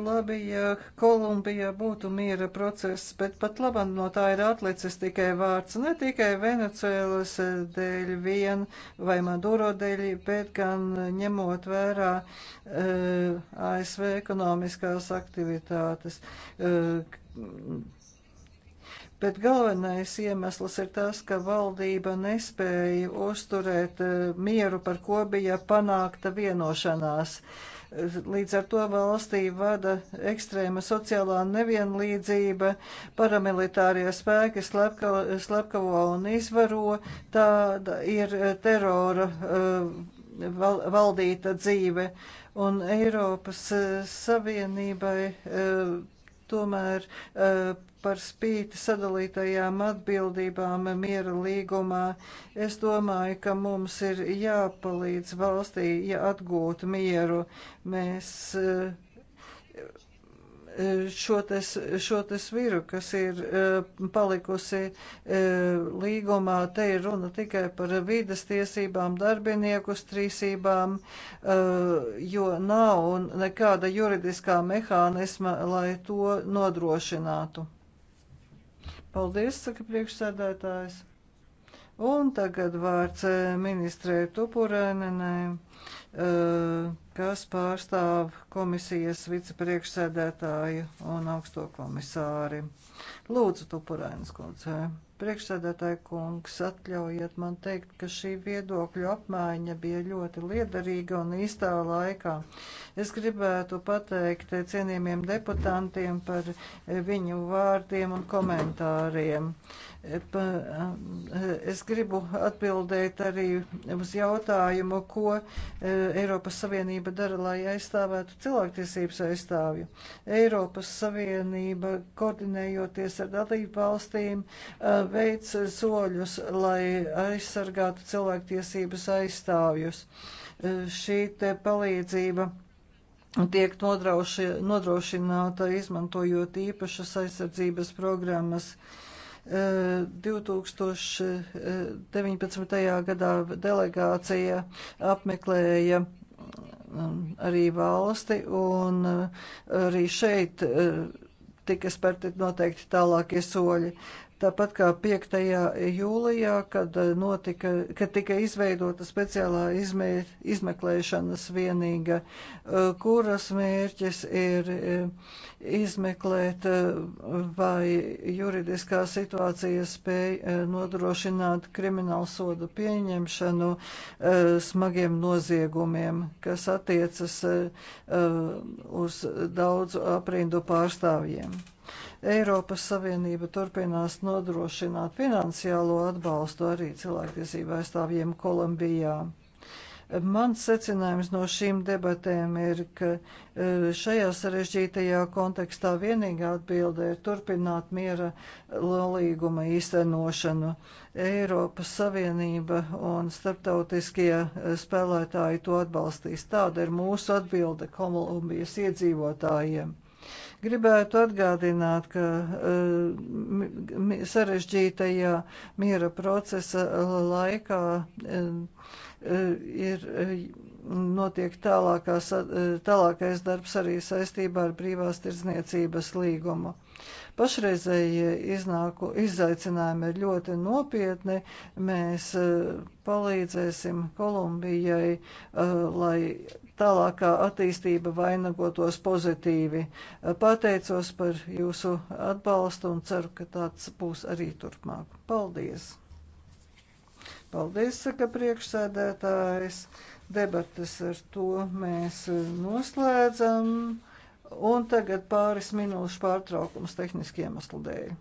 Labi, ja Kolumbijā būtu miera process, bet pat labam no tā ir atlicis tikai vārds, ne tikai Venecuēlas dēļ vien vai Maduro dēļ, bet gan ņemot vērā uh, eh, ASV ekonomiskās aktivitātes. Uh, Bet galvenais iemesls ir tas, ka valdība nespēja uzturēt eh, mieru, par ko bija panākta vienošanās. Uh, Līdz ar to valstī vada ekstrēma sociālā nevienlīdzība, paramilitārie spēki slepka, slepkavo un izvaro, tāda ir eh, terora eh, val, valdīta dzīve. Un Eiropas eh, Savienībai tomēr par spīti sadalītajām atbildībām miera līgumā. Es domāju, ka mums ir jāpalīdz valstī, ja atgūt mieru. Mēs eh, šo te, šo te sviru, kas ir eh, palikusi eh, līgumā, te ir runa tikai par vidas tiesībām, darbinieku strīsībām, jo nav nekāda juridiskā mehānisma, lai to nodrošinātu. Paldies, saka priekšsēdētājs. Un tagad vārds eh, ministrē Tupurēnenē, eh, kas pārstāv komisijas vicepriekšsēdētāju un augsto komisāri. Lūdzu, Tupurēnas kundze. Priekšsēdētāja kungs, atļaujiet man teikt, ka šī viedokļu apmaiņa bija ļoti liederīga un īstā laikā. Es gribētu pateikt cienījumiem deputantiem par viņu vārdiem un komentāriem. Es gribu atbildēt arī uz jautājumu, ko e, Eiropas Savienība dara, lai aizstāvētu cilvēktiesības aizstāvju. Eiropas Savienība, koordinējoties ar dalību valstīm, e, veic soļus, lai aizsargātu cilvēktiesības aizstāvjus. E, šī te palīdzība tiek nodroši, nodrošināta izmantojot īpašas aizsardzības programmas. 2019. E, e, gadā delegācija apmeklēja mm, arī valsti un e, arī šeit tika spērti noteikti tālākie soļi. Tāpat kā 5. jūlijā, kad, eh, notika, kad tika izveidota speciālā izmē, izmeklēšanas vienīga, eh, kuras mērķis ir eh, izmeklēt, vai juridiskā situācija spēj nodrošināt kriminālu sodu pieņemšanu smagiem noziegumiem, kas attiecas uz daudzu aprindu pārstāvjiem. Eiropas Savienība turpinās nodrošināt finansiālo atbalstu arī cilvēktiesību aizstāvjiem Kolumbijā. Mans secinājums no šīm debatēm ir, ka eh, šajā sarežģītajā kontekstā vienīgā atbilde ir turpināt miera līguma īstenošanu. Eiropas Savienība un starptautiskie eh, spēlētāji to atbalstīs. Tāda ir mūsu atbilde Kolumbijas iedzīvotājiem. Gribētu atgādināt, ka eh, sarežģītajā miera procesa eh, laikā eh, ir notiek tālākās, tālākais darbs arī saistībā ar brīvās tirdzniecības līgumu. Pašreizējie iznāku, izaicinājumi ir ļoti nopietni. Mēs palīdzēsim Kolumbijai, lai tālākā attīstība vainagotos pozitīvi. Pateicos par jūsu atbalstu un ceru, ka tāds būs arī turpmāk. Paldies! Paldies, saka priekšsēdētājs. Debates ar to mēs noslēdzam. Un tagad pāris minūšu pārtraukums tehniski iemeslu dēļ.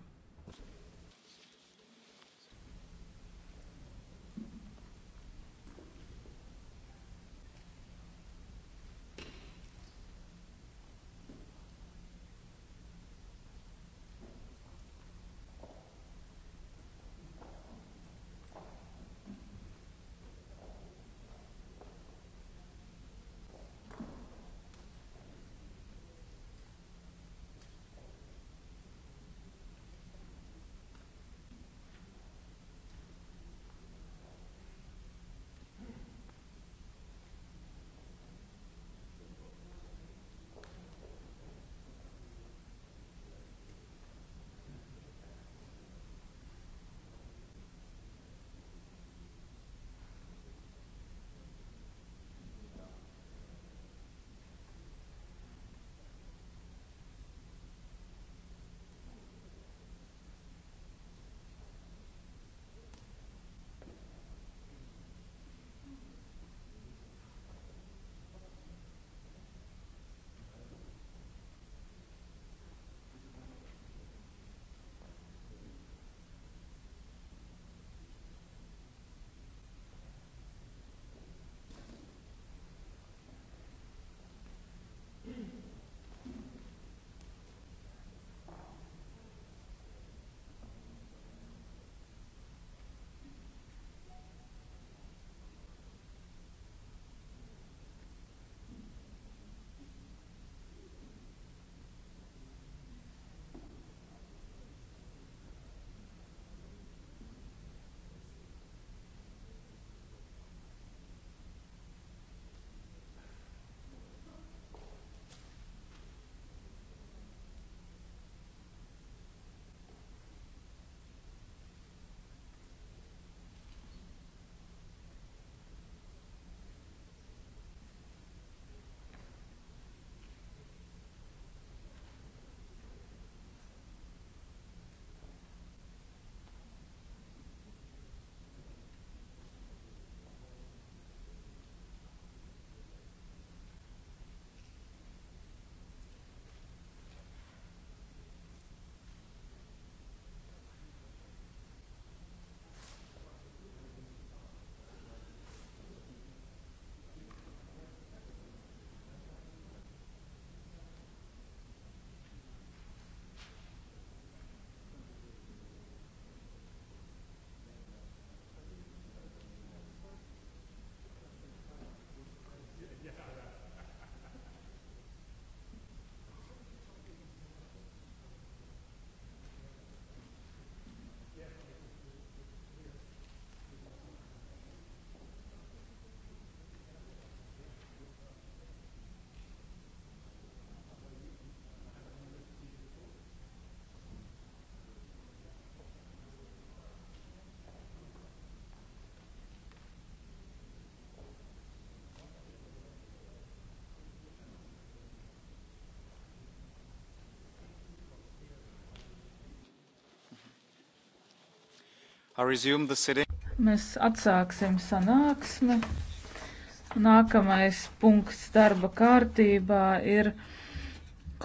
Mēs atsāksim sanāksmi. Nākamais punkts darba kārtībā ir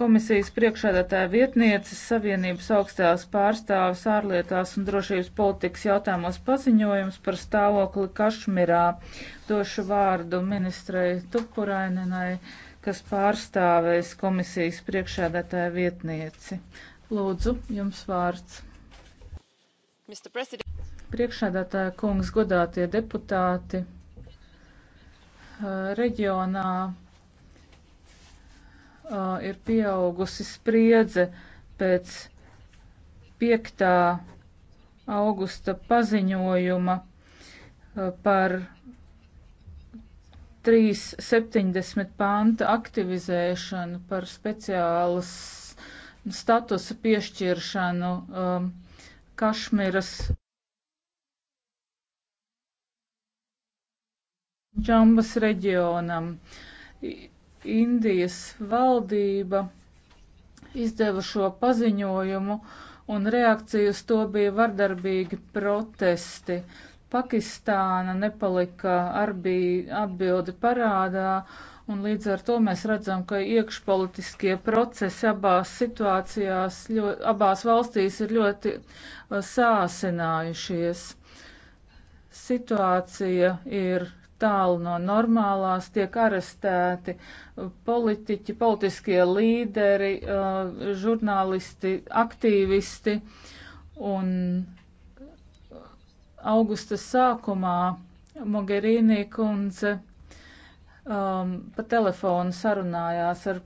komisijas priekšādātāja vietnieces Savienības augstās pārstāvis ārlietās un drošības politikas jautājumos paziņojums par stāvokli Kašmirā. Došu vārdu ministrei Tupuraininai, kas pārstāvēs komisijas priekšādātāja vietnieci. Lūdzu, jums vārds. Priekšādātāja kungs, godātie deputāti, reģionā ir pieaugusi spriedze pēc 5. augusta paziņojuma par 3.70 panta aktivizēšanu, par speciālas statusa piešķiršanu um, Kašmiras Džambas reģionam. Indijas valdība izdeva šo paziņojumu un reakcija uz to bija vardarbīgi protesti. Pakistāna nepalika arī atbildi parādā, un līdz ar to mēs redzam, ka iekšpolitiskie procesi abās situācijās, ļoti, abās valstīs ir ļoti uh, sāsinājušies. Situācija ir tālu no normālās, tiek arestēti politiķi, politiskie līderi, uh, žurnālisti, aktīvisti. Un augusta sākumā Mogherīnī kundze um, pa telefonu sarunājās ar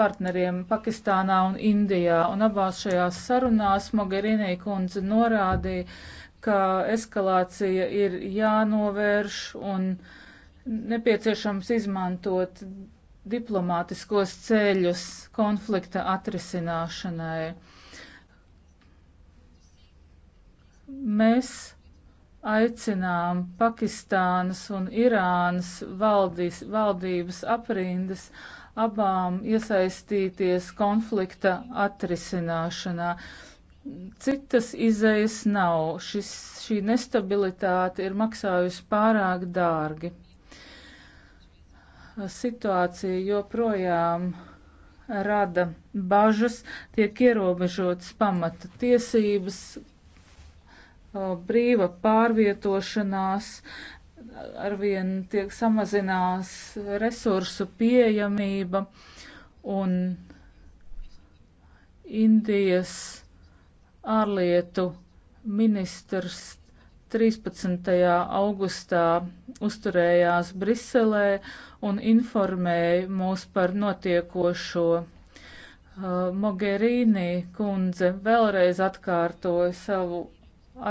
partneriem Pakistānā un Indijā, un abās šajās sarunās Mogherīnī kundze norādīja, ka eskalācija ir jānovērš un nepieciešams izmantot diplomātiskos ceļus konflikta atrisināšanai. Mēs aicinām Pakistānas un Irānas valdīs, valdības aprindas abām iesaistīties konflikta atrisināšanā. Citas izējas nav. Šis, šī nestabilitāte ir maksājusi pārāk dārgi. Situācija joprojām rada bažas, tiek ierobežotas pamata tiesības, brīva pārvietošanās, arvien tiek samazinās resursu pieejamība un Indijas ārlietu ministrs 13. augustā uzturējās Briselē un informēja mūs par notiekošo. Uh, Mogherīni kundze vēlreiz atkārtoja savu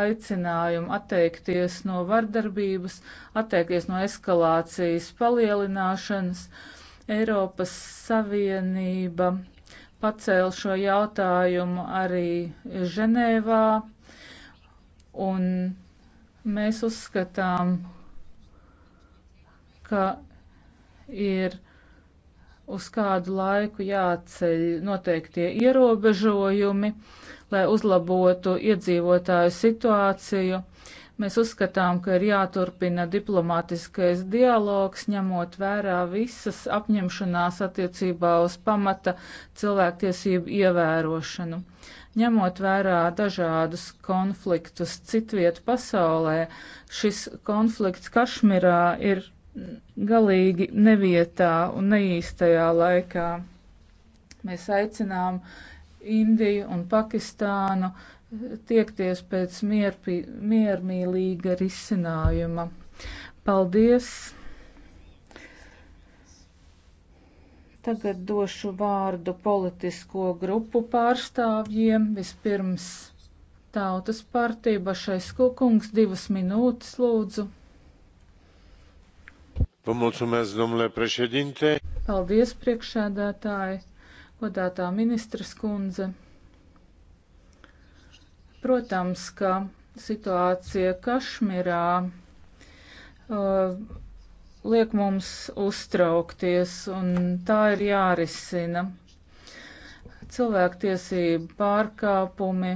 aicinājumu atteikties no vardarbības, atteikties no eskalācijas palielināšanas. Eiropas Savienība pacēla šo jautājumu arī Ženēvā, un mēs uzskatām, ka ir uz kādu laiku jāceļ noteiktie ierobežojumi, lai uzlabotu iedzīvotāju situāciju. Mēs uzskatām, ka ir jāturpina diplomātiskais dialogs, ņemot vērā visas apņemšanās attiecībā uz pamata cilvēktiesību ievērošanu. Ņemot vērā dažādus konfliktus citvietu pasaulē, šis konflikts Kašmirā ir galīgi nevietā un neīstajā laikā. Mēs aicinām Indiju un Pakistānu tiekties pēc mierpī, miermīlīga risinājuma. Paldies! Tagad došu vārdu politisko grupu pārstāvjiem. Vispirms Tautas partija Bašais Kukungs, divas minūtes lūdzu. Pamulcumēs, domnule președinte. Paldies, priekšsēdētāji godātā ministras kundze. Protams, ka situācija Kašmirā uh, liek mums uztraukties, un tā ir jārisina. Cilvēktiesību pārkāpumi,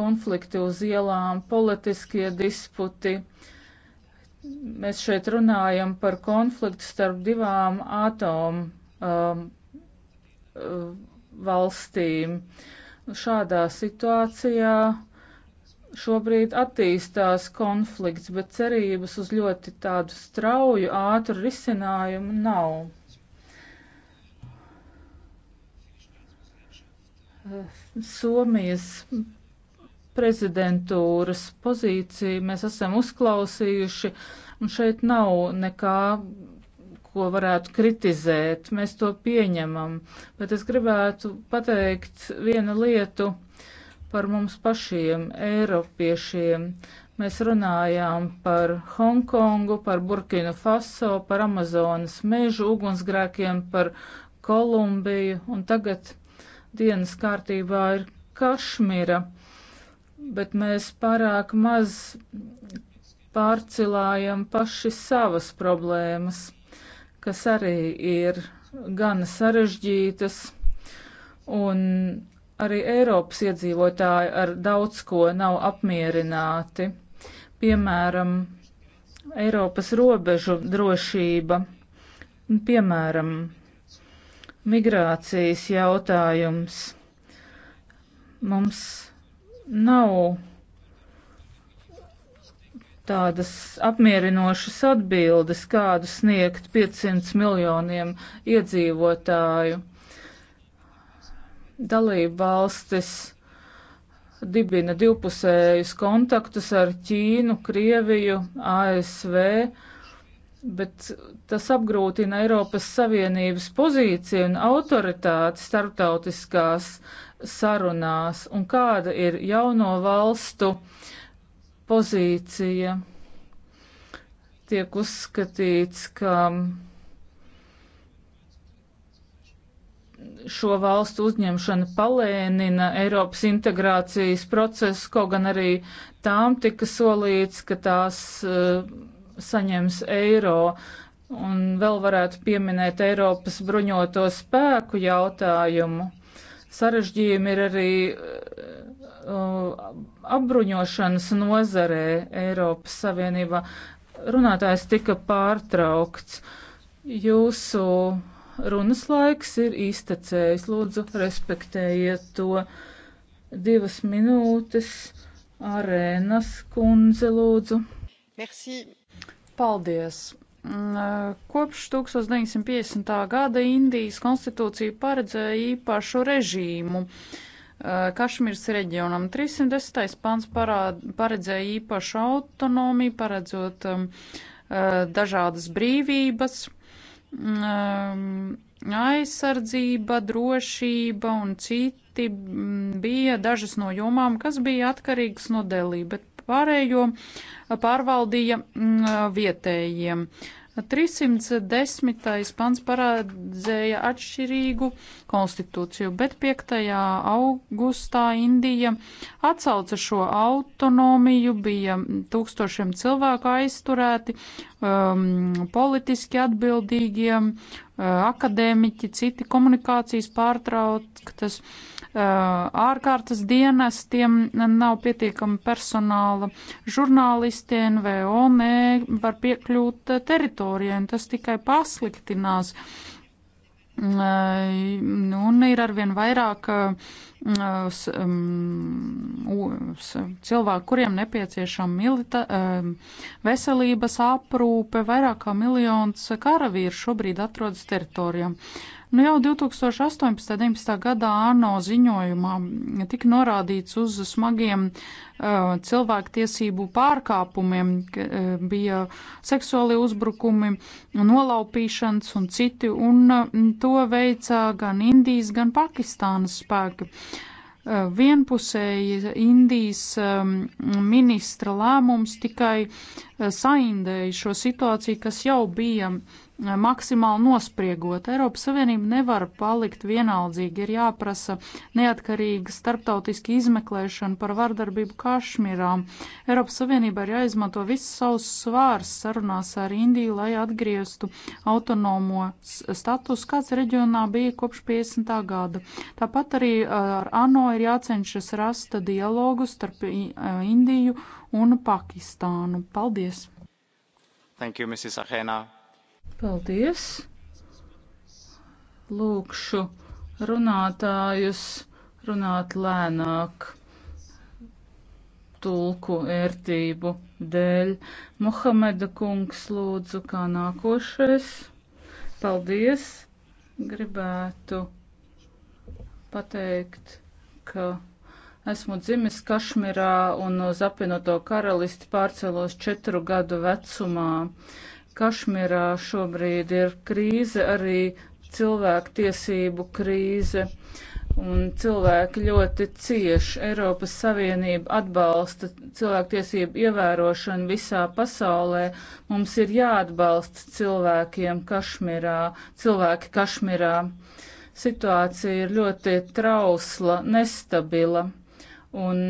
konflikti uz ielām, politiskie disputi. Mēs šeit runājam par konfliktu starp divām atomu um, Uh, valstīm. Šādā situācijā šobrīd attīstās konflikts, bet cerības uz ļoti tādu strauju, ātru risinājumu nav. Uh, Somijas prezidentūras pozīciju mēs esam uzklausījuši, un šeit nav nekā ko varētu kritizēt. Mēs to pieņemam. Bet es gribētu pateikt vienu lietu par mums pašiem, eiropiešiem. Mēs runājām par Hongkongu, par Burkinu Faso, par Amazonas mežu ugunsgrēkiem, par Kolumbiju, un tagad dienas kārtībā ir Kašmira, bet mēs pārāk maz pārcilājam paši savas problēmas kas arī ir gan sarežģītas, un arī Eiropas iedzīvotāji ar daudz ko nav apmierināti. Piemēram, Eiropas robežu drošība, piemēram, migrācijas jautājums. Mums nav tādas apmierinošas atbildes, kādu sniegt 500 miljoniem iedzīvotāju. Dalība valstis dibina divpusējus kontaktus ar Ķīnu, Krieviju, ASV, bet tas apgrūtina Eiropas Savienības pozīciju un autoritāti starptautiskās sarunās. Un kāda ir jauno valstu uh, pozīcija. Tiek uzskatīts, ka šo valstu uzņemšana palēnina Eiropas integrācijas procesu, kaut gan arī tām tika solīts, ka tās uh, saņems eiro. Un vēl varētu pieminēt Eiropas bruņoto spēku jautājumu. Sarežģījumi ir arī uh, apbruņošanas nozarē Eiropas Savienībā. Runātājs tika pārtraukts. Jūsu runas laiks ir iztecējis. Lūdzu, respektējiet to. Divas minūtes. Arēnas kundze, lūdzu. Merci. Paldies. Mm, kopš 1950. gada Indijas konstitūcija paredzēja īpašu režīmu Eh, Kašmīras reģionam 310. pants parād, paredzēja īpašu autonomiju, paredzot um, eh, dažādas brīvības, um, aizsardzība, drošība un citi mm, bija dažas no jomām, kas bija atkarīgas no Delī, bet pārējo eh, pārvaldīja um, vietējiem. Uh, 310. pants parādzēja atšķirīgu konstitūciju, bet 5. augustā Indija atsauca šo autonomiju, bija tūkstošiem cilvēku aizturēti, um, politiski atbildīgiem, uh, akadēmiķi, citi komunikācijas pārtrauktas. Uh, Eh, ārkārtas dienestiem nav pietiekama personāla. Žurnālisti NVO nevar piekļūt teritorijai, un tas tikai pasliktinās. Eh, un ir arvien vairāk uh, Mm, uz, uh, um, uz cilvēku, kuriem nepieciešama milita, um, veselības aprūpe, vairāk kā miljons karavīru šobrīd atrodas teritorijā. Nu, jau 2018. un 19. gadā ANO ziņojumā tika norādīts uz smagiem uh, cilvēktiesību pārkāpumiem, ka, uh, bija seksuāli uzbrukumi, nolaupīšanas un citi, un uh, to veica gan Indijas, gan Pakistānas spēki. Uh, Eh, vienpusēji Indijas ehm, ministra lēmums tikai eh, saindēja šo situāciju, kas jau bija maksimāli nospriegot. Eiropas Savienība nevar palikt vienaldzīgi, ir jāprasa neatkarīga starptautiska izmeklēšana par vardarbību Kašmirā. Eiropas Savienība ir jāizmanto viss savs svārs sarunās ar Indiju, lai atgrieztu autonomo status, kāds reģionā bija kopš 50. gada. Tāpat arī uh, ar ANO ir jācenšas rasta dialogu starp uh, Indiju un Pakistānu. Paldies! Thank you, Mrs. Ahena. Paldies! Lūkšu runātājus runāt lēnāk tulku ērtību dēļ. Mohameda kungs lūdzu kā nākošais. Paldies! Gribētu pateikt, ka esmu dzimis Kašmirā un uz apvienoto karalisti pārcēlos četru gadu vecumā. Uh, Kašmirā šobrīd ir krīze, arī cilvēku tiesību krīze, un cilvēki ļoti cieši. Eiropas Savienība atbalsta cilvēku tiesību ievērošanu visā pasaulē. Mums ir jāatbalsta cilvēkiem Kašmirā, cilvēki Kašmirā. Situācija ir ļoti trausla, nestabila, un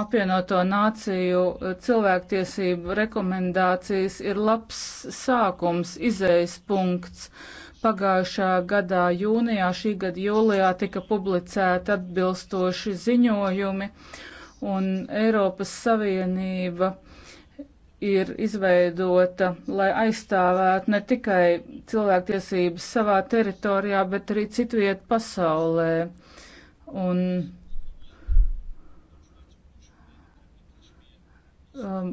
apvienoto nāciju eh, cilvēktiesību rekomendācijas ir labs sākums, izējas punkts. Pagājušā gadā jūnijā, šī gada jūlijā tika publicēti atbilstoši ziņojumi, un Eiropas Savienība ir izveidota, lai aizstāvētu ne tikai cilvēktiesības savā teritorijā, bet arī citviet pasaulē. Un um,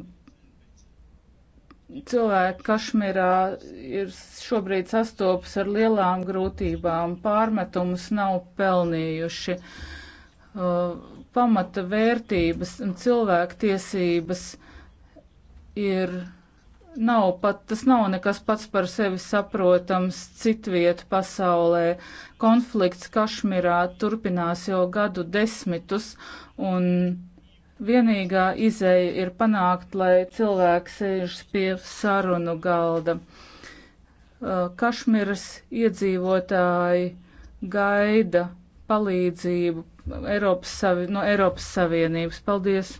cilvēki Kašmirā ir šobrīd sastopas ar lielām grūtībām, pārmetumus nav pelnījuši. Uh, pamata vērtības un cilvēktiesības ir nav pat, tas nav nekas pats par sevi saprotams citviet pasaulē. Konflikts Kašmirā turpinās jau gadu desmitus un Vienīgā izeja ir panākt, lai cilvēks sēž pie sarunu galda. Uh, Kašmiras iedzīvotāji gaida palīdzību Eiropas savi, no Eiropas Savienības. Paldies!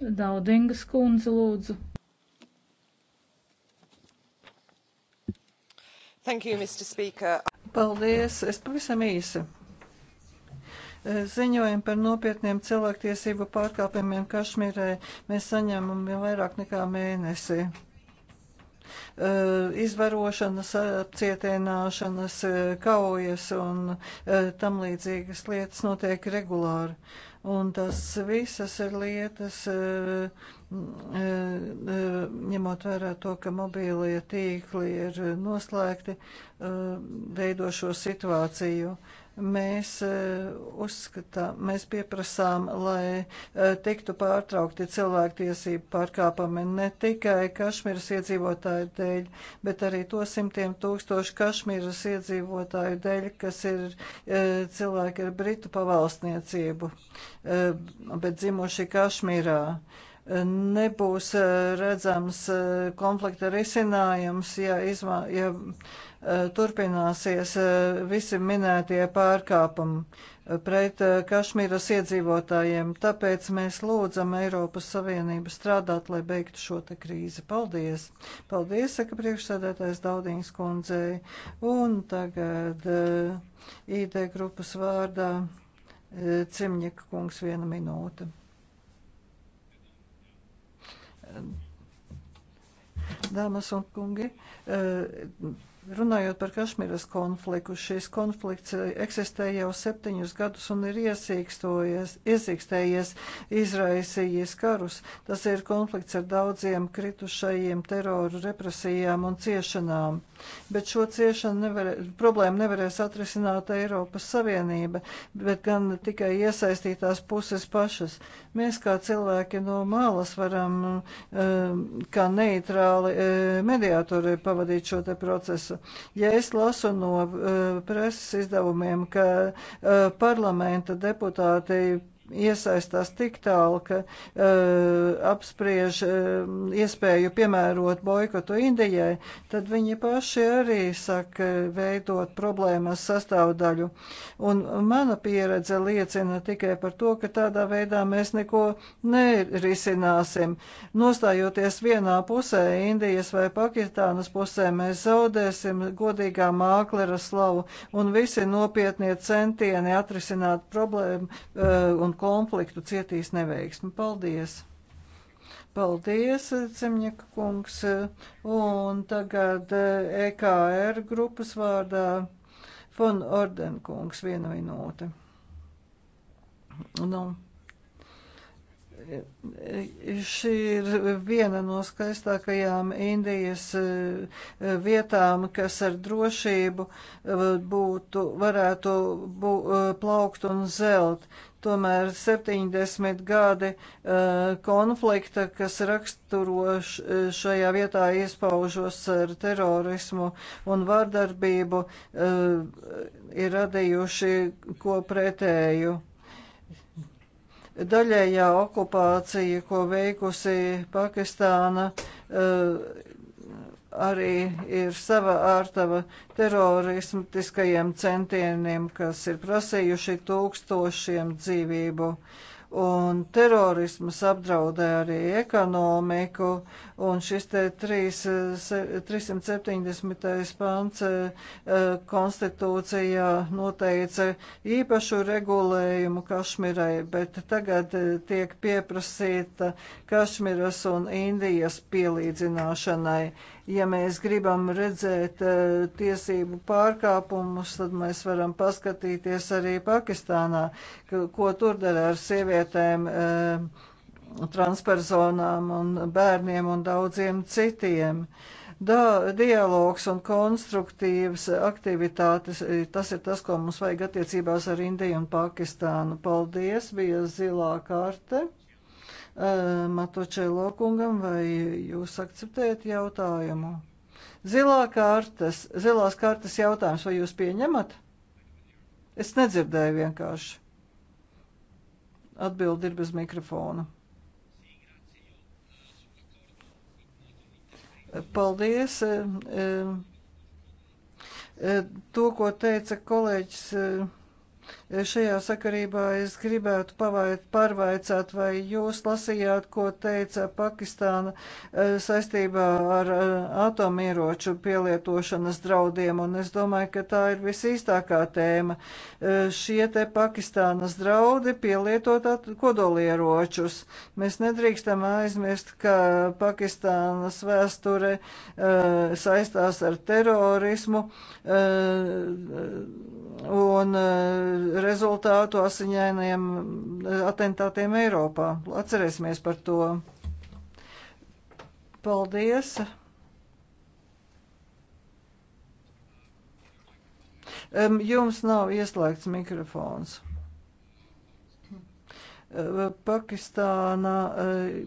Daudingas kundze, lūdzu. Thank you, Mr. Speaker. Paldies! Es pavisam īsi ziņojumi par nopietniem cilvēktiesību pārkāpumiem Kašmirē mēs saņemam jau vairāk nekā mēnesi. Izvarošanas, apcietināšanas, kaujas un tam līdzīgas lietas notiek regulāri Un tas visas ir lietas, eh, eh, ņemot vērā to, ka mobīlie tīkli ir noslēgti, eh, veido šo situāciju. Mēs e, uzskatām, mēs pieprasām, lai e, tiktu pārtraukti cilvēktiesību pārkāpumi ne tikai Kašmīras iedzīvotāju dēļ, bet arī to simtiem tūkstošu Kašmīras iedzīvotāju dēļ, kas ir e, cilvēki ar Britu pavalsniecību, bet dzimuši Kašmīrā nebūs redzams konflikta risinājums, ja, izmā, ja Eh, turpināsies eh, visi minētie pārkāpumi eh, pret Kašmīras iedzīvotājiem. Tāpēc mēs lūdzam Eiropas Savienību strādāt, lai beigtu šo te krīzi. Paldies! Paldies, saka priekšsēdētājs Daudīņas kundzei. Un tagad ID grupas vārdā Cimņika kungs viena minūte. Dāmas un kungi, Runājot par Kašmīras konfliktu, šis konflikts eksistē jau septiņus gadus un ir iesīkstējies, izraisījis karus. Tas ir konflikts ar daudziem kritušajiem teroru represijām un ciešanām. Bet šo ciešanu nevar, problēmu nevarēs atrisināt Eiropas Savienība, bet gan tikai iesaistītās puses pašas. Mēs kā cilvēki no malas varam ehm, kā neitrāli ehm, mediātori pavadīt šo te procesu. Ja es lasu no ehm, preses izdevumiem, ka parlamenta deputāti iesaistās tik tālu, ka uh, apspriež uh, iespēju piemērot boikotu Indijai, tad viņi paši arī saka veidot problēmas sastāvdaļu. Un mana pieredze liecina tikai par to, ka tādā veidā mēs neko nerisināsim. Nostājoties vienā pusē, Indijas vai Pakistānas pusē, mēs zaudēsim godīgā māklera slavu un visi nopietnie centieni atrisināt problēmu uh, un konfliktu cietīs neveiksmi. Paldies! Paldies, Cimņaka kungs! Un tagad EKR eh, e grupas vārdā Fon Ordenkungs viena minūte. Nu, Šī ir viena no skaistākajām Indijas eh, vietām, kas ar drošību eh, būtu, varētu bū, plaukt un zelt. Tomēr 70 gadi eh, konflikta, kas raksturo eh, šajā vietā iespaužos ar terorismu un vardarbību, eh, ir radījuši ko pretēju daļējā okupācija, ko veikusi Pakistāna, arī ir sava ārtava terorismatiskajiem centieniem, kas ir prasījuši tūkstošiem dzīvību. Un terorismas apdraudē arī ekonomiku, un šis te 3, 370. pants e, konstitūcijā noteica īpašu regulējumu Kašmirai, bet tagad e, tiek pieprasīta Kašmiras un Indijas pielīdzināšanai Ja mēs gribam redzēt eh, tiesību pārkāpumus, tad mēs varam paskatīties arī Pakistānā, ko tur dara ar sievietēm, eh, transpersonām un bērniem un daudziem citiem da, dialogs un konstruktīvas aktivitātes. Eh, tas ir tas, ko mums vajag attiecībās ar Indiju un Pakistānu. Paldies, bija zilā karte. Matočēlo kungam, vai jūs akceptējat jautājumu? Zilā kartas, zilās kartas jautājums, vai jūs pieņemat? Es nedzirdēju vienkārši. Atbildi ir bez mikrofona. Paldies. To, ko teica kolēģis Šajā sakarībā es gribētu pārvaicāt, vai jūs lasījāt, ko teica Pakistāna e, saistībā ar e, atomieroču pielietošanas draudiem, un es domāju, ka tā ir visīstākā tēma. E, šie te Pakistānas draudi pielietot kodolieročus. Mēs nedrīkstam aizmirst, ka Pakistānas vēsture saistās ar terorismu un rezultātu asiņainiem atentātiem Eiropā. Atcerēsimies par to. Paldies! Jums nav ieslēgts mikrofons. Pakistāna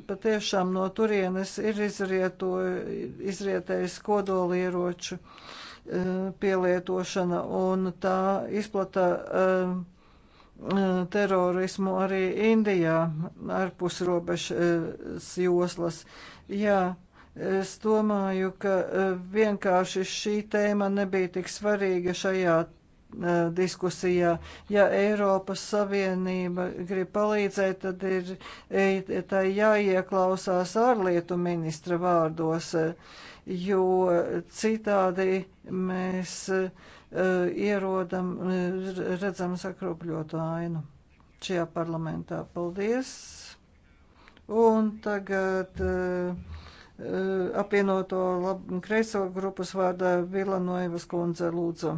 patiešām no turienes ir izrietējis kodolieroču. Eh, pielietošana un tā izplata eh, eh, terorismu arī Indijā ārpus robežas joslas. Jā, Es domāju, ka vienkārši šī tēma nebija tik svarīga šajā Uh, diskusijā. Ja Eiropas Savienība grib palīdzēt, tad ir tai jāieklausās ārlietu ministra vārdos, jo citādi mēs uh, ierodam, uh, redzam sakropļotu ainu šajā parlamentā. Paldies! Un tagad apvienoto lab, kreiso grupas vārdā Vilanoivas kundze lūdzu.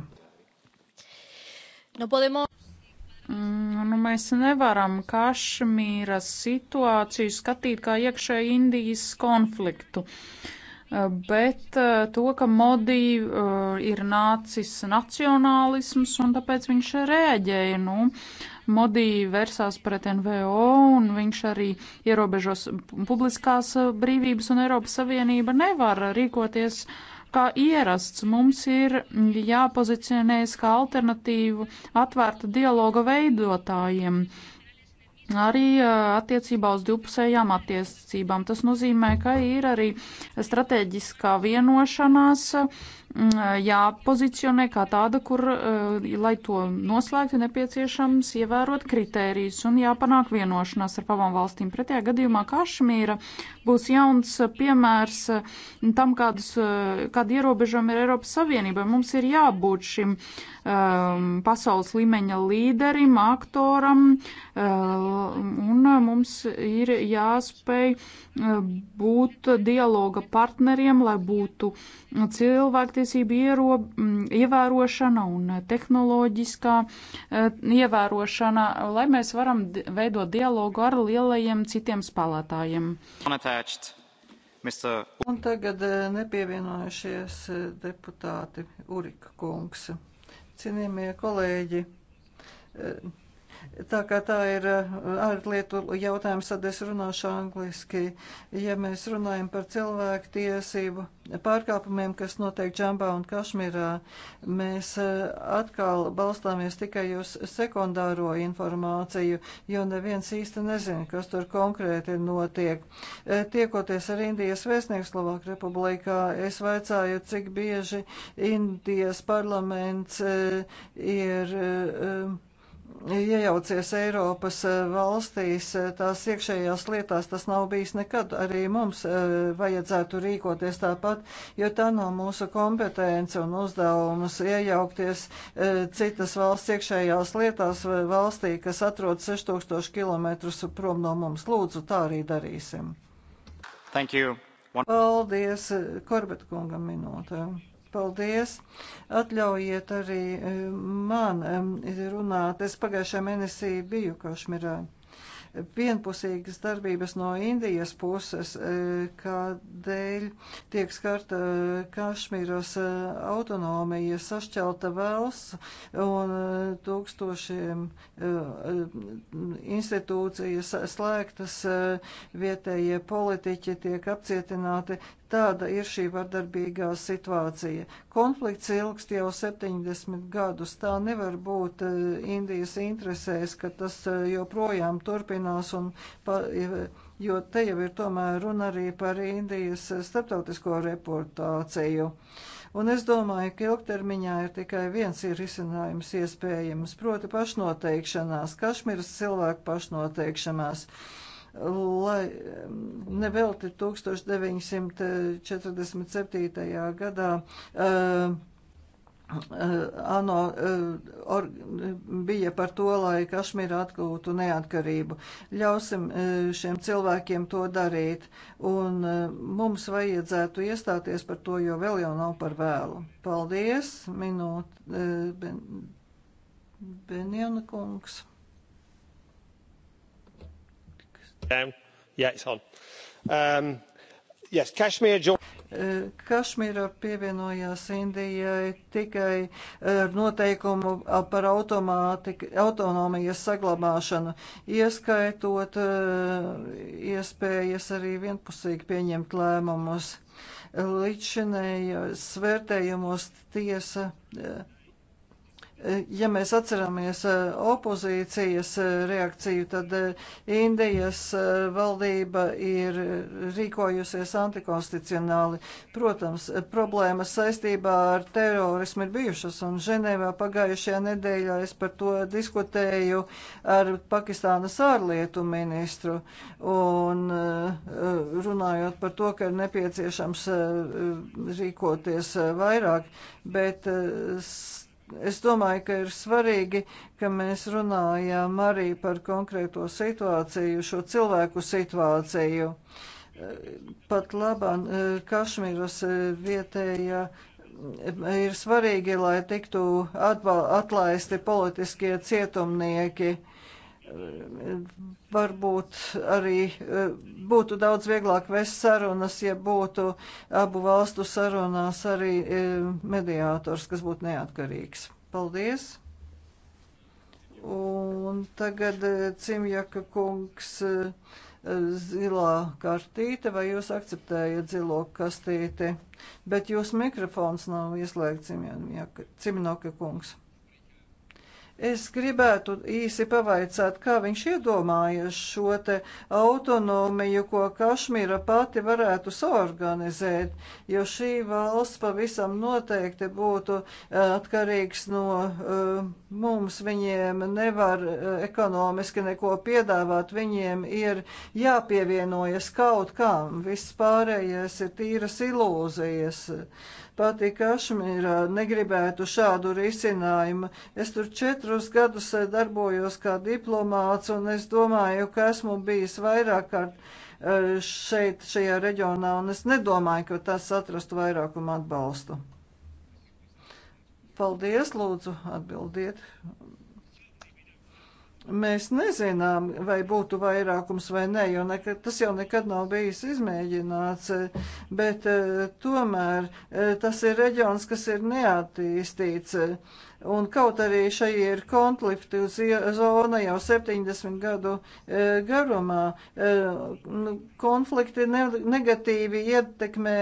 No nu, podemos... Mm, nu mēs nevaram Kašmīras situāciju skatīt kā iekšēji Indijas konfliktu, eh, bet eh, to, ka Modī eh, ir nācis nacionālisms un tāpēc viņš rēģēja. Nu, Modī vērsās pret NVO un viņš arī ierobežos publiskās brīvības un Eiropas Savienība nevar rīkoties uh, kā ierasts, mums ir jāpozicionējas kā alternatīvu atvērta dialoga veidotājiem. Arī attiecībā uz divpusējām attiecībām. Tas nozīmē, ka ir arī strateģiskā vienošanās Mm, jāpozicionē kā tāda, kur, lai to noslēgtu, nepieciešams ievērot kritērijus un jāpanāk vienošanās ar pavām valstīm. Pretējā gadījumā Kašmīra būs jauns piemērs tam, kādas, kāda ierobežojuma ir Eiropas Savienībai. Mums ir jābūt šim um, pasaules līmeņa līderim, aktoram, um, un mums ir jāspēj būt dialoga partneriem, lai būtu cilvēktiesības cilvēktiesību iero, mm, ievērošana un tehnoloģiskā eh, ievērošana, lai mēs varam veidot dialogu ar lielajiem citiem spēlētājiem. Un tagad eh, nepievienojušies eh, deputāti Urika kungs. Cienījamie kolēģi, Tā kā tā ir uh, ārlietu jautājums, tad es runāšu angliski. Ja mēs runājam par cilvēku tiesību pārkāpumiem, kas notiek Džambā un Kašmirā, mēs uh, atkal balstāmies tikai uz sekundāro informāciju, jo neviens īsti nezina, kas tur konkrēti notiek. Uh, tiekoties ar Indijas vēstnieku Slovāku republikā, es vaicāju, cik bieži Indijas parlaments ir um, iejaucies Eiropas eh, valstīs, eh, tās iekšējās lietās, tas nav bijis nekad. Arī mums eh, vajadzētu rīkoties tāpat, jo tā nav mūsu kompetence un uzdevums iejaukties citas valsts iekšējās lietās valstī, kas atrodas 6000 km prom no mums. Lūdzu, tā arī darīsim. Thank you. One... Paldies, Korbet kungam minūtēm. Paldies! Atļaujiet arī eh, man runāt. Es pagājušajā mēnesī biju Kašmirā vienpusīgas darbības no Indijas puses, eh, kādēļ tiek skarta eh, Kašmīras autonomija, sašķelta valsts un tūkstošiem institūcijas slēgtas, vietējie politiķi tiek apcietināti. Tāda ir šī vardarbīgā situācija. Konflikts ilgst jau 70 gadus. Tā nevar būt eh, Indijas interesēs, ka tas eh, joprojām turpinās un. Pa, eh, jo te jau ir tomēr runa arī par Indijas starptautisko reputāciju. Un es domāju, ka ilgtermiņā ir tikai viens ir risinājums iespējams, proti pašnoteikšanās, Kašmiras cilvēku pašnoteikšanās lai nevelti 1947. gadā uh, ANO or, bija par to, lai Kašmīra atgūtu neatkarību. Ļausim šiem cilvēkiem to darīt, un mums vajadzētu iestāties par to, jo vēl jau nav par vēlu. Paldies, minūte, eh, ben, Benjana kungs. Um, um, Kašmīra uh, pievienojās Indijai tikai ar uh, noteikumu uh, par autonomijas saglabāšanu, ieskaitot iespējas arī vienpusīgi pieņemt lēmumus. Līdz šinējos vērtējumos tiesa Ja mēs atceramies eh, opozīcijas eh, reakciju, tad eh, Indijas valdība ir rīkojusies antikonstitucionāli. Protams, problēmas saistībā ar terorismu ir bijušas, un Ženēvā pagājušajā nedēļā es par to diskutēju ar Pakistānas ārlietu ministru, un runājot par to, ka ir nepieciešams rīkoties vairāk, bet Es domāju, ka ir svarīgi, ka mēs runājām arī par konkrēto situāciju, šo cilvēku situāciju. Pat labā eh, Kašmīras eh, vietējā eh, ir svarīgi, lai tiktu atlaisti politiskie cietumnieki varbūt arī e, būtu daudz vieglāk vest sarunas, ja būtu abu valstu sarunās arī e, mediātors, kas būtu neatkarīgs. Paldies! Un tagad e, Cimjaka kungs zilā kartīte, vai jūs akceptējat zilo kastīti, bet jūs mikrofons nav ieslēgts, Cimjaka kungs. Es gribētu īsi pavaicāt, kā viņš iedomājas šo te autonomiju, ko Kašmīra pati varētu saorganizēt, jo šī valsts pavisam noteikti būtu eh, atkarīgs no uh, mums. Viņiem nevar uh, ekonomiski neko piedāvāt, viņiem ir jāpievienojas kaut kam. Viss pārējais ir tīras ilūzijas. Uh, Pati Kašmīra negribētu šādu risinājumu. Es tur četrus gadus eh, darbojos kā diplomāts, un es domāju, ka esmu bijis vairāk kārt eh, šeit, šajā reģionā, un es nedomāju, ka tas atrastu vairākumu atbalstu. Paldies, lūdzu, atbildiet Mēs nezinām, vai būtu vairākums vai nē, jo nekad, tas jau nekad nav bijis izmēģināts, bet eh, tomēr eh, tas ir reģions, kas ir neattīstīts. Un kaut arī šai ir konflikti uz zona jau 70 gadu eh, garumā, nu, konflikti negatīvi ietekmē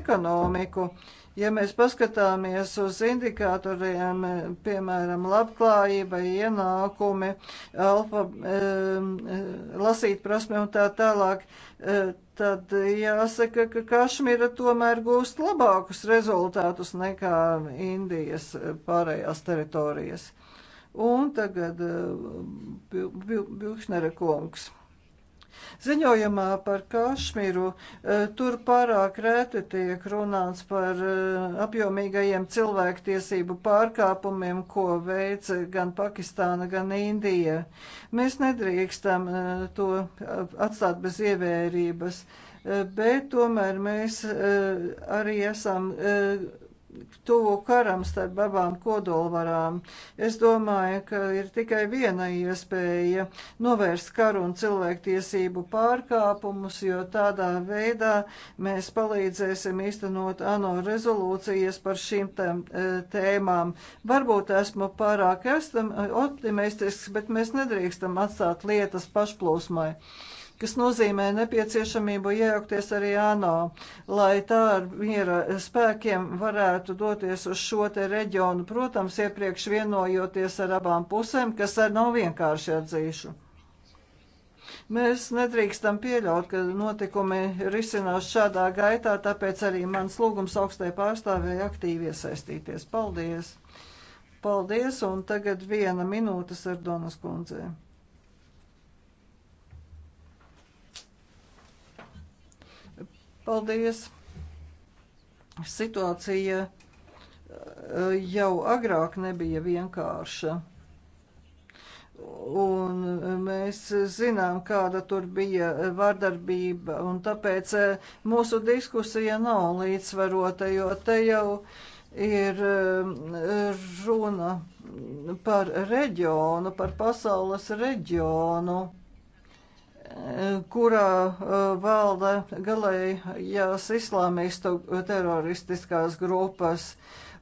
ekonomiku. Ja mēs paskatāmies uz indikatoriem, piemēram, labklājība, ienākumi, alfa, eh, lasīt prasme un tā tālāk, eh, tad jāsaka, ka Kašmira tomēr gūst labākus rezultātus nekā Indijas pārējās teritorijas. Un tagad eh, Bilkšnera kungs. Ziņojumā par Kašmiru e, tur pārāk rēti tiek runāts par e, apjomīgajiem cilvēktiesību pārkāpumiem, ko veic gan Pakistāna, gan Indija. Mēs nedrīkstam e, to atstāt bez ievērības, bet tomēr mēs arī esam tuvu karam starp abām kodolvarām. Es domāju, ka ir tikai viena iespēja novērst karu un cilvēktiesību pārkāpumus, jo tādā veidā mēs palīdzēsim īstenot ANO rezolūcijas par šīm e, tēmām. Varbūt esmu pārāk esam, optimistisks, bet mēs nedrīkstam atstāt lietas pašplūsmai kas nozīmē nepieciešamību iejaukties arī ANO, lai tā ar miera spēkiem varētu doties uz šo te reģionu, protams, iepriekš vienojoties ar abām pusēm, kas arī nav vienkārši atzīšu. Mēs nedrīkstam pieļaut, ka notikumi risinās šādā gaitā, tāpēc arī mans lūgums augstai pārstāvēji aktīvi iesaistīties. Paldies! Paldies, un tagad viena minūte Sardonas kundzei. Paldies! Situācija eh, jau agrāk nebija vienkārša. Un eh, mēs zinām, kāda tur bija eh, vardarbība, un tāpēc mūsu diskusija nav līdzsvarota, jo te jau ir runa par reģionu, par pasaules reģionu kurā eh, valda galējās islāmistu teroristiskās grupas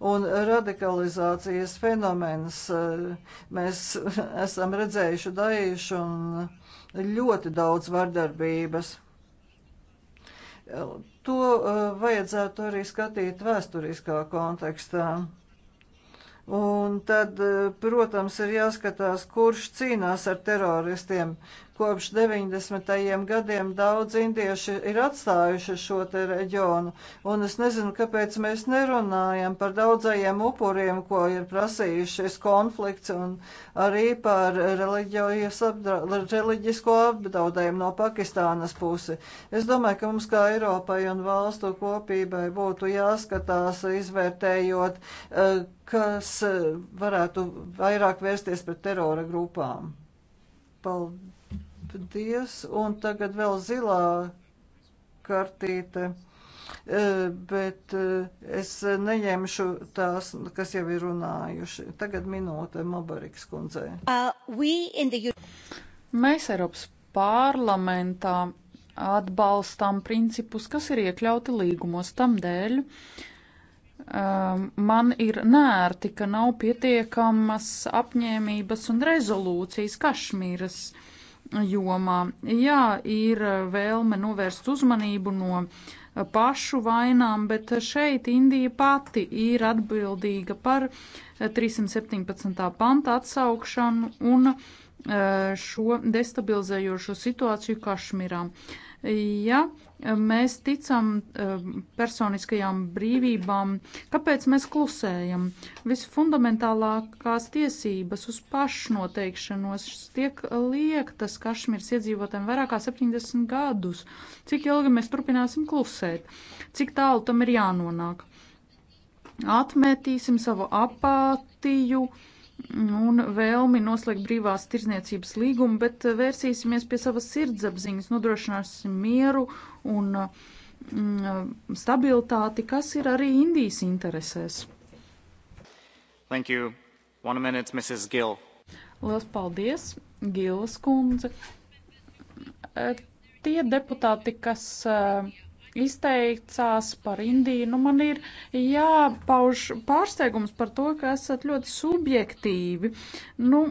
un radikalizācijas fenomens. Eh, mēs esam redzējuši daišu un ļoti daudz vardarbības. To eh, vajadzētu arī skatīt vēsturiskā kontekstā. Un tad, protams, ir jāskatās, kurš cīnās ar teroristiem, Kopš 90. gadiem daudz indieši ir atstājuši šo te reģionu, un es nezinu, kāpēc mēs nerunājam par daudzajiem upuriem, ko ir prasījušies konflikts, un arī par apdra reliģisko apdraudējumu no Pakistānas pusi. Es domāju, ka mums kā Eiropai un valstu kopībai būtu jāskatās, izvērtējot, eh, kas eh, varētu vairāk vērsties pret terora grupām. Paldies! Paldies. Un tagad vēl zilā kartīte. E, bet e, es neņemšu tās, kas jau ir runājuši. Tagad minūte Mabariks kundzē. Uh, the... Mēs Eiropas parlamentā atbalstām principus, kas ir iekļauti līgumos tam dēļ. Um, man ir nērti, ka nav pietiekamas apņēmības un rezolūcijas Kašmīras uh, jomā. Jā, ir vēlme novērst uzmanību no pašu vainām, bet šeit Indija pati ir atbildīga par 317. panta atsaukšanu un eh, šo destabilizējošo situāciju Kašmirā. Ja mēs ticam eh, personiskajām brīvībām, kāpēc mēs klusējam? Visfundamentālākās tiesības uz pašnoteikšanos tiek liektas Kašmirs iedzīvotājiem vairāk kā 70 gadus. Cik ilgi mēs turpināsim klusēt? Cik tālu tam ir jānonāk? Atmetīsim savu apātiju un vēlmi noslēgt brīvās tirzniecības līgumu, bet vērsīsimies pie savas sirdsapziņas, nodrošināsim mieru un mm, stabilitāti, kas ir arī Indijas interesēs. Thank you. One minute, Mrs. Gill. Lielas paldies, Gilas kundze. Tie deputāti, kas uh, izteicās par Indiju. Nu, man ir jāpauž pārsteigums par to, ka esat ļoti subjektīvi. Nu,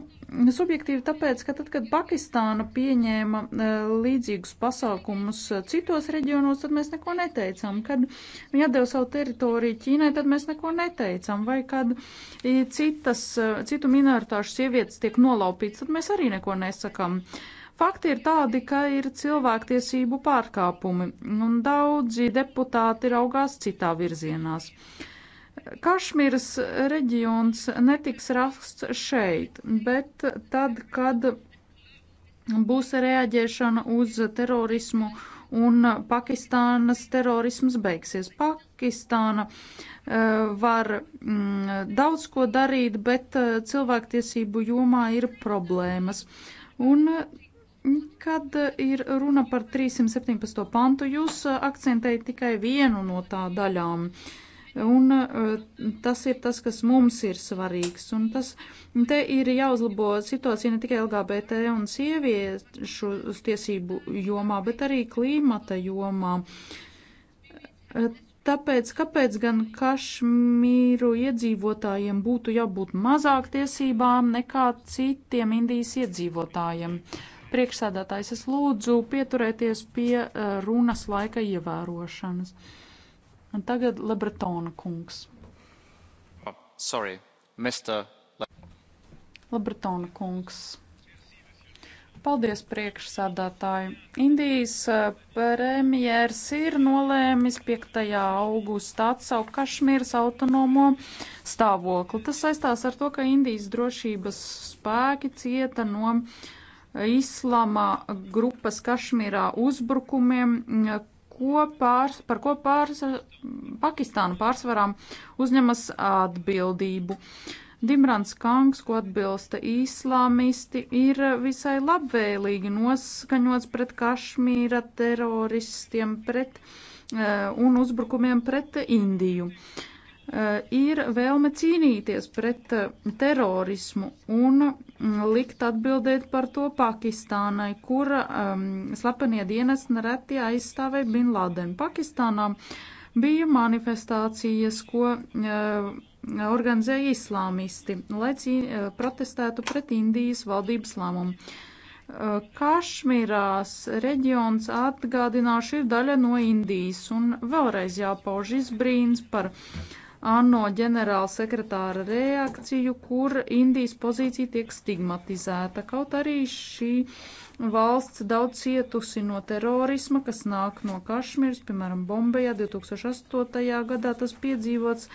subjektīvi tāpēc, ka tad, kad Pakistāna pieņēma e, līdzīgus pasākumus e, citos reģionos, tad mēs neko neteicām. Kad viņi atdeva savu teritoriju Ķīnai, tad mēs neko neteicām. Vai kad e, citas, citu minoritāšu sievietes tiek nolaupītas, tad mēs arī neko nesakām. Uh, Fakti ir tādi, ka ir cilvēktiesību pārkāpumi, un daudzi deputāti raugās citā virzienās. Kašmīras reģions netiks raksts šeit, bet tad, kad būs reaģēšana uz terorismu un Pakistānas terorisms beigsies. Pakistāna eh, var mm, daudz ko darīt, bet eh, cilvēktiesību jomā ir problēmas. Un Kad eh, ir runa par 317. pantu, jūs eh, akcentējat tikai vienu no tā daļām. Un eh, tas ir tas, kas mums ir svarīgs. Un tas te ir jāuzlabo situācija ne tikai LGBT un sieviešu tiesību jomā, bet arī klimata jomā. Tāpēc, kāpēc gan kašmīru iedzīvotājiem būtu jābūt mazāk tiesībām nekā citiem Indijas iedzīvotājiem? Uh, Priekšsēdētājs, es lūdzu pieturēties pie eh, runas laika ievērošanas. Un tagad Lebretona kungs. Oh, sorry, Mr. Le Lebretona kungs. Paldies, priekšsādātāji. Indijas eh, premjērs ir nolēmis 5. augustā atsaukt Kašmīras autonomo stāvokli. Tas saistās ar to, ka Indijas drošības spēki cieta no uh, islama grupas Kašmirā uzbrukumiem, mm, ko pārs, par ko pārs, Pakistānu pārsvarām uzņemas atbildību. Dimrans Kangs, ko atbilsta islāmisti, ir visai labvēlīgi noskaņots pret Kašmīra teroristiem pret, eh, un uzbrukumiem pret Indiju. Uh, Eh, ir vēlme cīnīties pret eh, terorismu un mm, likt atbildēt par to Pakistānai, kura um, ehm, slepenie dienas nereti aizstāvēja Bin Laden. Pakistānā bija manifestācijas, ko uh, organizēja islāmisti, lai cī, uh, protestētu pret Indijas valdības lēmumu. Uh, Kašmirās reģions atgādināšu ir daļa no Indijas un vēlreiz jāpauž izbrīns par uh, ANO ģenerāla sekretāra reakciju, kur Indijas pozīcija tiek stigmatizēta. Kaut arī šī valsts daudz cietusi no terorisma, kas nāk no Kašmiras, piemēram, Bombajā 2008. gadā tas piedzīvots.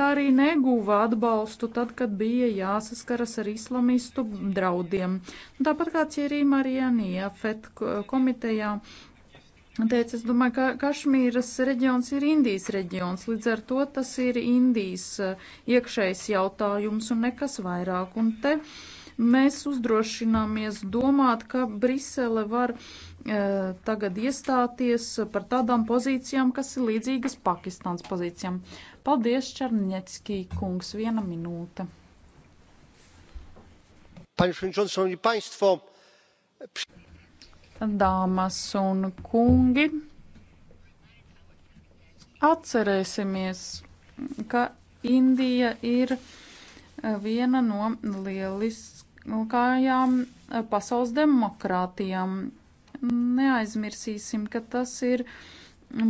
Tā arī neguva atbalstu tad, kad bija jāsaskaras ar islamistu draudiem. Tāpat kā Cierī Marijanija FED komitejā teica, es domāju, ka Kašmīras reģions ir Indijas reģions, līdz ar to tas ir Indijas eh, iekšējs jautājums un nekas vairāk. Un te mēs uzdrošināmies domāt, ka Brisele var e, tagad iestāties par tādām pozīcijām, kas ir līdzīgas Pakistāns pozīcijām. Paldies, Černiecki kungs, viena minūte. Panie przewodniczący, szanowni państwo! dāmas un kungi, atcerēsimies, ka Indija ir viena no lieliskajām pasaules demokrātijām. Neaizmirsīsim, ka tas ir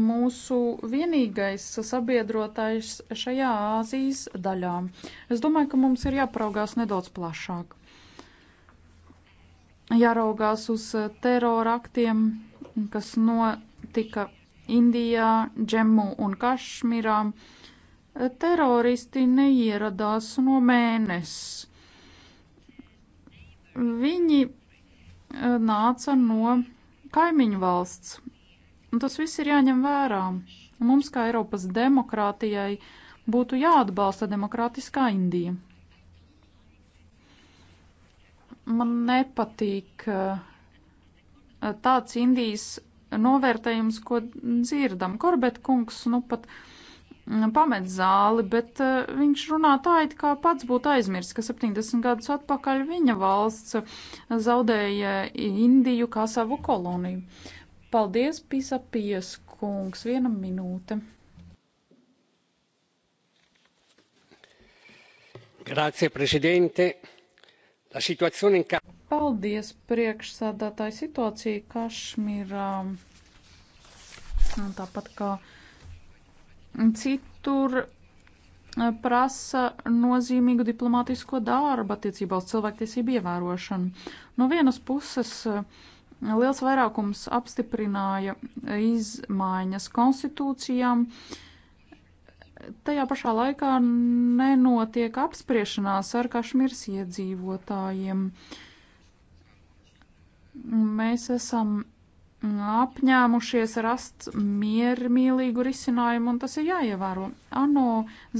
mūsu vienīgais sabiedrotais šajā Āzijas daļā. Es domāju, ka mums ir jāpraugās nedaudz plašāk jāraugās uz eh, terora aktiem, kas notika Indijā, Džemu un Kašmirā. Eh, teroristi neieradās no mēnesis. Viņi eh, nāca no kaimiņu valsts. Un tas viss ir jāņem vērā. Mums, kā Eiropas demokrātijai, būtu jāatbalsta demokrātiskā Indija. Man nepatīk eh, tāds Indijas novērtējums, ko dzirdam. Korbet kungs, nu pat mm, pamet zāli, bet eh, viņš runā tā, it kā pats būtu aizmirsts, ka 70 gadus atpakaļ viņa valsts zaudēja Indiju kā savu koloniju. Paldies, Pisapies kungs, viena minūte. Grazie, prezidente. Paldies, priekšsēdētāji. Situācija Kašmirā, tāpat kā citur, prasa nozīmīgu diplomātisko darbu attiecībā uz cilvēktiesību ievērošanu. No vienas puses, liels vairākums apstiprināja izmaiņas konstitūcijām. Uh, tajā pašā laikā nenotiek apspriešanās ar Kašmiras iedzīvotājiem. Mēs esam apņēmušies rast miermīlīgu risinājumu, un tas ir jāievēro. ANO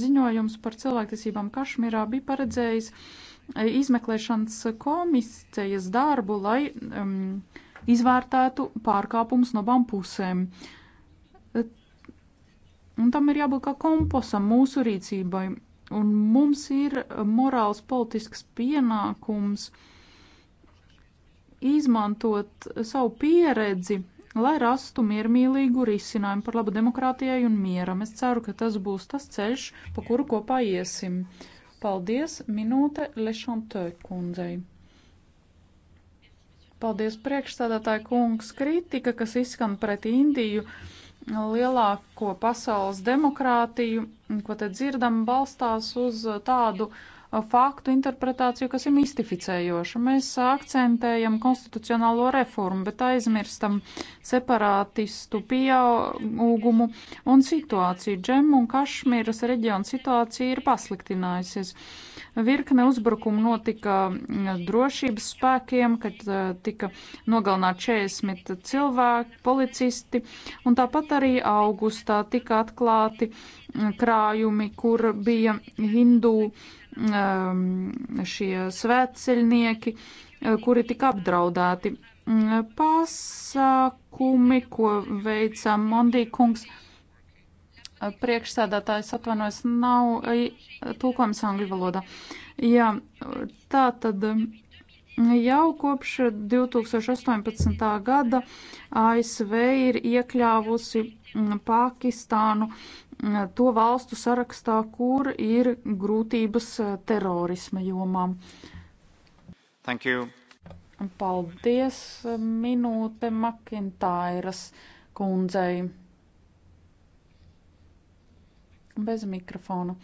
ziņojums par cilvēktiesībām Kašmirā bija paredzējis eh, izmeklēšanas komisijas darbu, lai um, izvērtētu pārkāpumus no abām pusēm. Uh, Un tam ir jābūt kā komposam mūsu rīcībai. Un mums ir morāls politisks pienākums izmantot savu pieredzi, lai rastu miermīlīgu risinājumu par labu demokrātijai un mieram. Es ceru, ka tas būs tas ceļš, pa kuru kopā iesim. Paldies, minūte Lešantē kundzei. Paldies, priekšstādātāja kungs, kritika, kas izskan pret Indiju. Uh, lielāko pasaules demokrātiju, ko te dzirdam, balstās uz tādu faktu interpretāciju, kas ir mistificējoša. Mēs akcentējam konstitucionālo reformu, bet aizmirstam separātistu pieaugumu un situāciju. Džem un Kašmīras reģiona situācija ir pasliktinājusies. Uh, Virkne uzbrukumu notika mm, drošības spēkiem, kad eh, tika nogalināti 40 cilvēki, policisti, un tāpat arī augustā tika atklāti mm, krājumi, kur bija hindu mm, šie svētceļnieki, eh, kuri tika apdraudēti. Pasākumi, ko veica Mondī kungs, priekšsēdētājs atvainojas, nav tulkojums angļu valodā. Jā, tā tad jau kopš 2018. gada ASV ir iekļāvusi Pakistānu to valstu sarakstā, kur ir grūtības e, terorisma jomām. Thank you. Paldies, minūte Makintāiras kundzei bez mikrofona.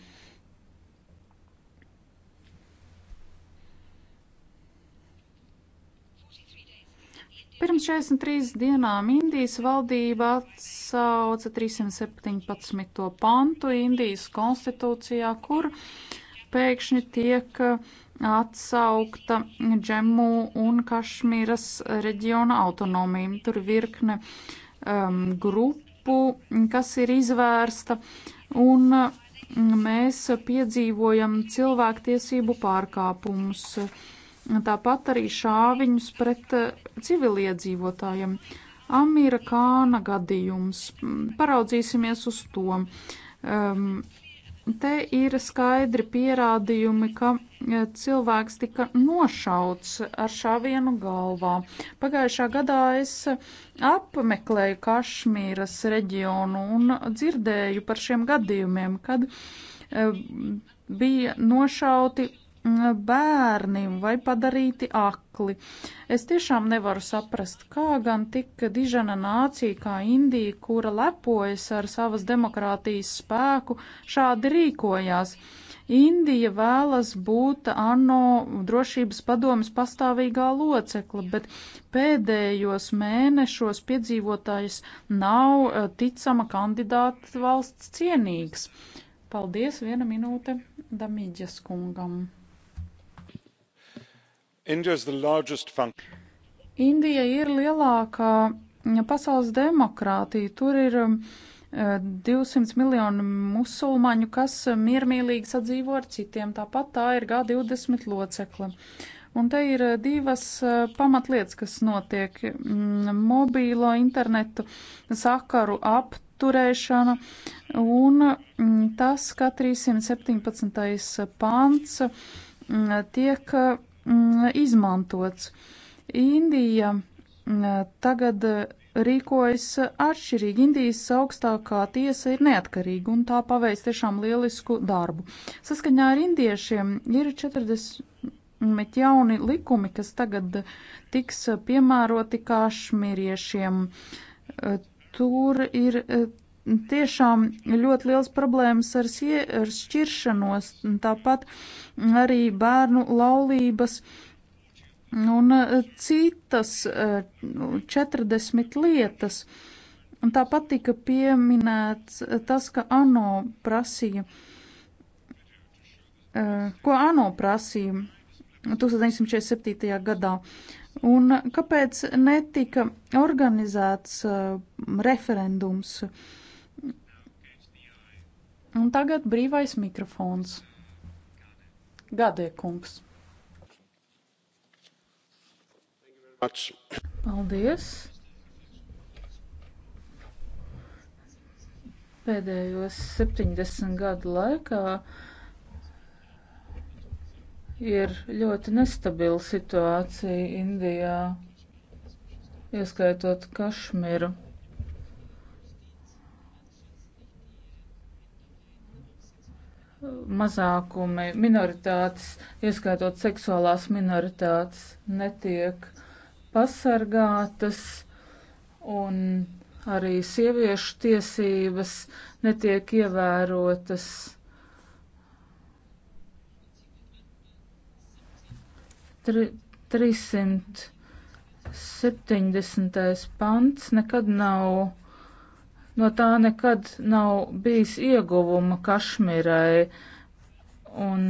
Pirms 43 dienām Indijas valdība atsauca 317. pantu Indijas konstitūcijā, kur pēkšņi tiek atsaukta Džemu un Kašmīras reģiona autonomija. Tur virkne um, grupu grupu, kas ir izvērsta, un mēs piedzīvojam cilvēktiesību pārkāpumus. Tāpat arī šāviņus pret civiliedzīvotājiem. Amīra Kāna gadījums. Paraudzīsimies uz to. Um, te ir skaidri pierādījumi, ka cilvēks tika nošauts ar šāvienu galvā. Pagājušā gadā es apmeklēju Kašmīras reģionu un dzirdēju par šiem gadījumiem, kad e, bija nošauti bērni vai padarīti akli. Es tiešām nevaru saprast, kā gan tik dižana nācija kā Indija, kura lepojas ar savas demokrātijas spēku, šādi rīkojās. Uh, Indija vēlas būt ANO drošības padomas pastāvīgā locekla, bet pēdējos mēnešos piedzīvotājs nav eh, ticama kandidāta valsts cienīgs. Paldies, viena minūte Damīģas kungam. Indija ir lielākā pasaules demokrātija. Tur ir 200 miljonu musulmaņu, kas miermīlīgi sadzīvo ar citiem. Tāpat tā ir G20 locekla. Un te ir divas eh, pamatlietas, kas notiek. Mm, mobīlo internetu sakaru apturēšana un mm, tas, ka 317. pants mm, tiek izmantots. Indija tagad rīkojas atšķirīgi. Indijas augstākā tiesa ir neatkarīga un tā paveic tiešām lielisku darbu. Saskaņā ar indiešiem ir 40 jauni likumi, kas tagad tiks piemēroti kašmīriešiem. Tur ir eh, tiešām ļoti liels problēmas ar, sie, ar šķiršanos, tāpat arī bērnu laulības. Uh, un eh, citas 40 eh, nu, lietas. Un tāpat tika pieminēts eh, tas, ka ANO prasīja, ko ANO prasīja 1947. gadā. Un kāpēc netika organizēts referendums? Un tagad brīvais mikrofons. Gadiekungs. Paldies! Pēdējos 70 gadu laikā ir ļoti nestabila situācija Indijā, ieskaitot Kašmiru. mazākumi, minoritātes, ieskaitot seksuālās minoritātes, netiek pasargātas un arī sieviešu tiesības netiek ievērotas. Tri, 370. pants nekad nav, no tā nekad nav bijis ieguvuma Kašmirai un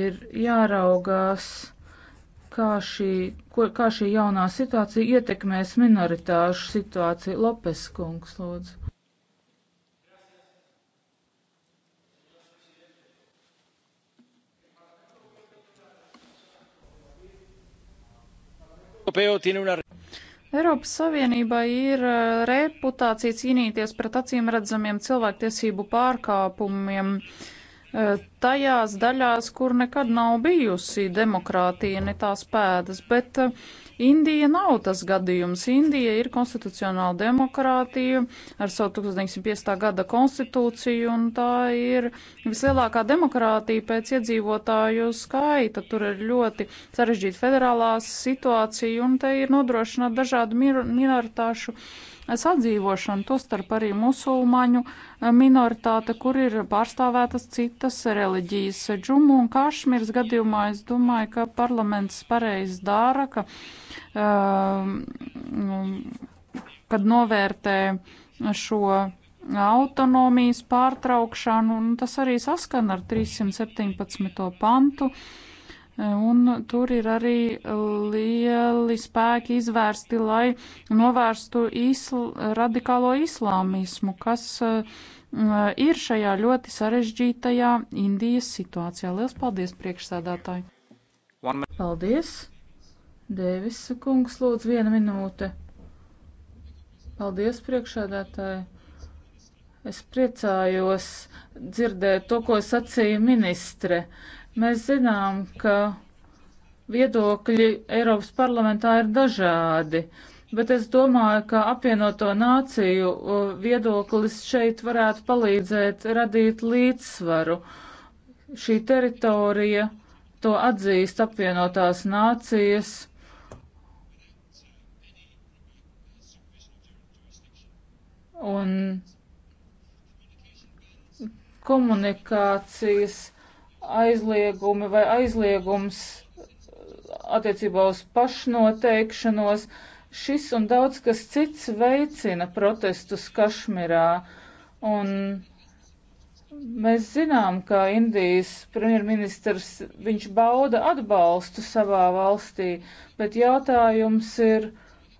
ir jāraugās kā šī, ko, kā šī jaunā situācija ietekmēs minoritāšu situāciju. Lopes kungs, lūdzu. Eiropas Savienībai ir uh, reputācija cīnīties pret acīm redzamiem cilvēktiesību pārkāpumiem. Uh, tajās daļās, kur nekad nav bijusi demokrātija, ne tās pēdas, bet eh, Indija nav tas gadījums. Indija ir konstitucionāla demokrātija ar savu 1905. gada konstitūciju, un tā ir vislielākā demokrātija pēc iedzīvotāju skaita. Tur ir ļoti sarežģīta federālā situācija, un te ir nodrošināta dažādu minoritāšu. Mir sadzīvošanu, tostarp arī musulmaņu eh, minoritāte, kur ir pārstāvētas citas reliģijas. Džumu un Kašmirs gadījumā es domāju, ka parlaments pareiz dara, ka, eh, nu, kad novērtē šo autonomijas pārtraukšanu, un tas arī saskan ar 317. pantu Un tur ir arī lieli spēki izvērsti, lai novērstu isl radikālo islāmismu, kas uh, ir šajā ļoti sarežģītajā Indijas situācijā. Lielas paldies, priekšsēdētāji! Paldies! Dēvis kungs, lūdzu, viena minūte. Paldies, priekšsēdētāji! Es priecājos dzirdēt to, ko sacīja ministre. Uh, Mēs zinām, ka viedokļi Eiropas parlamentā ir dažādi, bet es domāju, ka apvienoto nāciju uh, viedoklis šeit varētu palīdzēt radīt līdzsvaru. Šī teritorija to atzīst apvienotās nācijas. Un komunikācijas aizliegumi vai aizliegums uh, attiecībā uz pašnoteikšanos. Šis un daudz kas cits veicina protestus Kašmirā. Un mēs zinām, ka Indijas premjerministrs, viņš bauda atbalstu savā valstī, bet jautājums ir,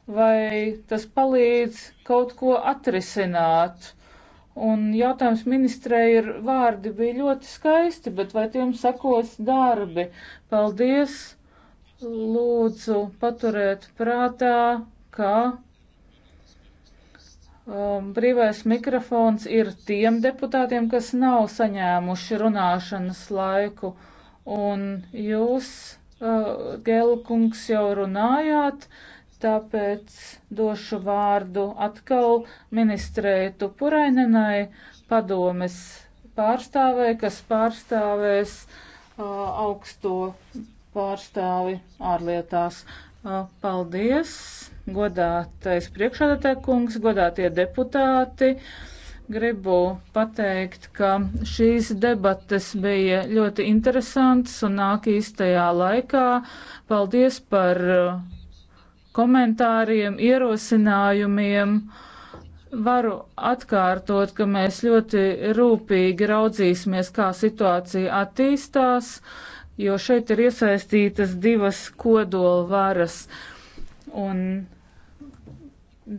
vai tas palīdz kaut ko atrisināt Un jautājums ministrei ir vārdi bija ļoti skaisti, bet vai tiem sekos darbi? Paldies! Lūdzu paturēt prātā, ka um, brīvais mikrofons ir tiem deputātiem, kas nav saņēmuši runāšanas laiku. Un jūs, uh, Gelkungs, jau runājāt, uh, Tāpēc došu vārdu atkal ministrei Tupurainenai, padomes pārstāvē, kas pārstāvēs uh, augsto pārstāvi ārlietās. Uh, paldies, godātais priekšādatē kungs, godātie deputāti. Gribu pateikt, ka šīs debates bija ļoti interesantas un nāk īstajā laikā. Paldies par uh, komentāriem, ierosinājumiem. Varu atkārtot, ka mēs ļoti rūpīgi raudzīsimies, kā situācija attīstās, jo šeit ir iesaistītas divas kodola varas. Un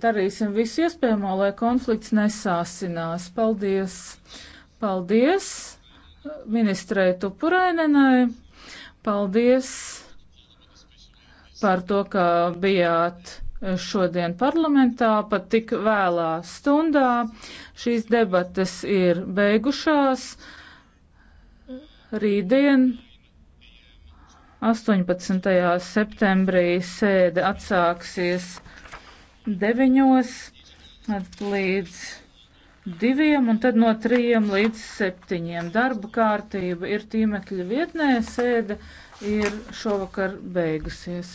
darīsim visu iespējamo, lai konflikts nesāsinās. Paldies! Paldies ministrei Tupurēnenai! Paldies! par to, ka bijāt šodien parlamentā pat tik vēlā stundā. Šīs debatas ir beigušās. Rītdien 18. septembrī sēde atsāksies 9. līdz 2. un tad no 3. līdz 7. Darba kārtība ir tīmekļa vietnē sēde ir šovakar beigusies.